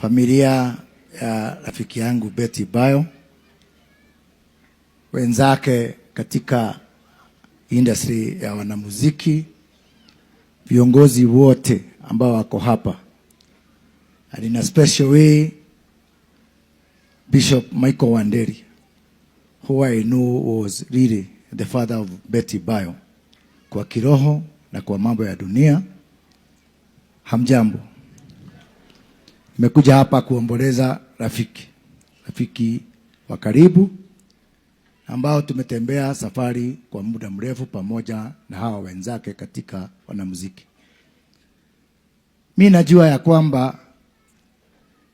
familia ya rafiki yangu Betty Bayo, wenzake katika industry ya wanamuziki, viongozi wote ambao wako hapa, and in a special way Bishop Michael Wanderi who I know was really the father of Betty Bayo kwa kiroho na kwa mambo ya dunia. Hamjambo. Nimekuja hapa kuomboleza rafiki, rafiki wa karibu ambao tumetembea safari kwa muda mrefu pamoja na hawa wenzake katika wanamuziki. Mi najua ya kwamba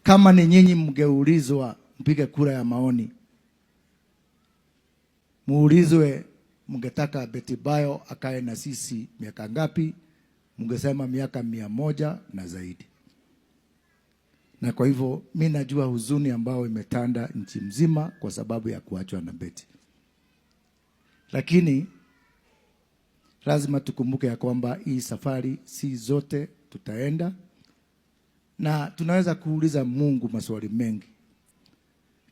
kama ni nyinyi mgeulizwa mpige kura ya maoni, muulizwe mngetaka Betty Bayo akae na sisi miaka ngapi, mngesema miaka mia moja na zaidi na kwa hivyo mi najua huzuni ambayo imetanda nchi mzima kwa sababu ya kuachwa na Betty, lakini lazima tukumbuke ya kwamba hii safari si zote tutaenda, na tunaweza kuuliza Mungu maswali mengi.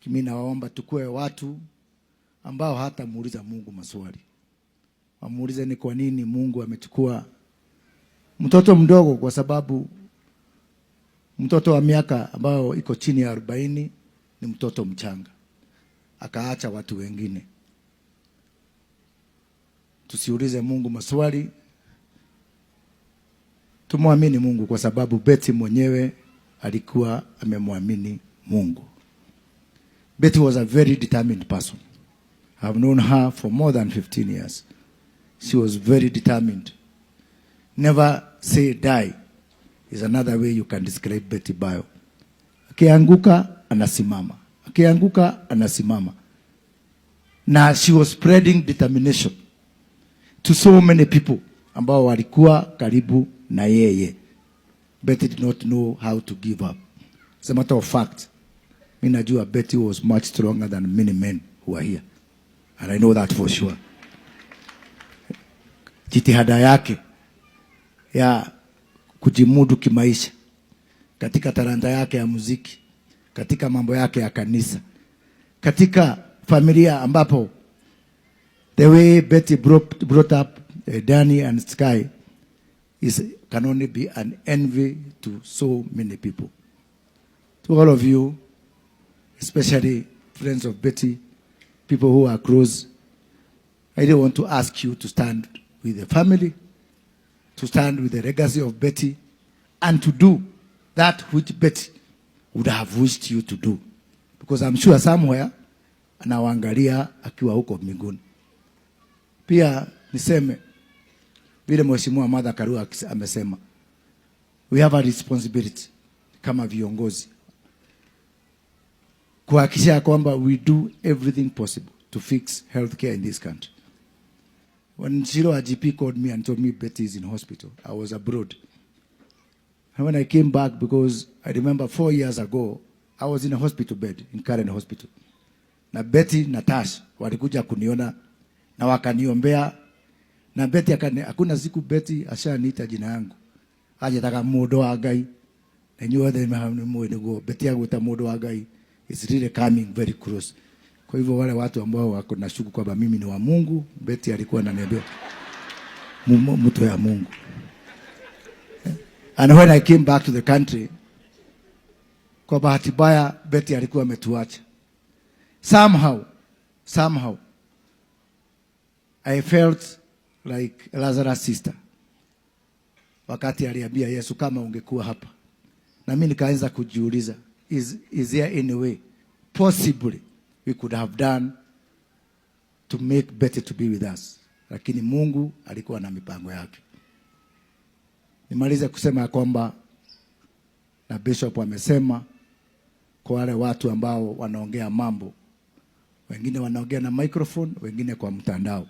Mi nawaomba tukuwe watu ambao hata muuliza Mungu maswali, wamuulize ni kwa nini Mungu amechukua mtoto mdogo, kwa sababu Mtoto wa miaka ambayo iko chini ya arobaini ni mtoto mchanga, akaacha watu wengine. Tusiulize Mungu maswali, tumwamini Mungu kwa sababu Beti mwenyewe alikuwa amemwamini Mungu. Betty was a very determined person. have known her for more than 15 years. She was very determined. Never say die is another way you can describe Betty Bayo. Akianguka anasimama, akianguka anasimama, na she was spreading determination to so many people ambao walikuwa karibu na yeye. Betty did not know how to give up. As a matter of fact, mimi najua Betty was much stronger than many men who are here. And I know that for sure. Jitihada yake ya kujimudu kimaisha katika talanta yake ya muziki, katika mambo yake ya kanisa, katika familia ambapo the way Betty brought, brought up uh, Danny and Sky is can only be an envy to so many people. To all of you, especially friends of Betty, people who are close, I don't want to ask you to stand with the family to stand with the legacy of Betty and to do that which Betty would have wished you to do because I'm sure somewhere anawaangalia akiwa huko mbinguni. Pia niseme vile Mheshimiwa Martha Karua amesema, we have a responsibility kama viongozi kuhakikisha kwamba we do everything possible to fix healthcare in this country. When Shiro IGP called me and told me Betty is in hospital, I was abroad. And when I came back, because I remember four years ago, I was in a hospital bed, in current hospital. Na Betty na walikuja kuniona na wakaniombea na Betty akani, hakuna siku Betty asha ashaniita jina yangu. Hajataka mundu wa Ngai. Na nyuwa dhe mmehamu ni Betty agwita mundu wa Ngai. It's really coming very close. Kwa hivyo wale watu ambao wako na shuku kwamba mimi ni wa Mungu, Beti alikuwa ananiambia mtu ya Mungu. Eh? And when I came back to the country, kwa bahati mbaya Beti alikuwa ametuacha. Somehow, somehow I felt like Lazarus sister wakati aliambia Yesu, kama ungekuwa hapa, na mimi nikaanza kujiuliza, is, is there any way possibly we could have done to make Betty to be with us, lakini Mungu alikuwa na mipango yake. Nimalize kusema ya kwamba na bishop amesema kwa wale watu ambao wanaongea mambo, wengine wanaongea na microphone, wengine kwa mtandao.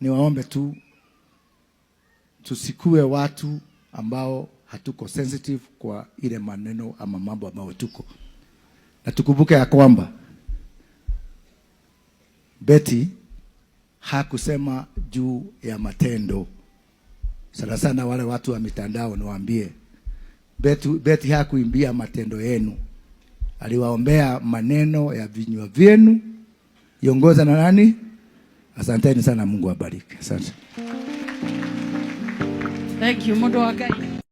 Niwaombe tu tusikue watu ambao hatuko sensitive kwa ile maneno ama mambo ambayo tuko na tukumbuke ya kwamba Betty hakusema juu ya matendo. Sana sana wale watu wa mitandao niwaambie, Betty, Betty hakuimbia matendo yenu, aliwaombea maneno ya vinywa vyenu. Iongoza na nani? Asanteni sana, Mungu abariki Asante. Thank you.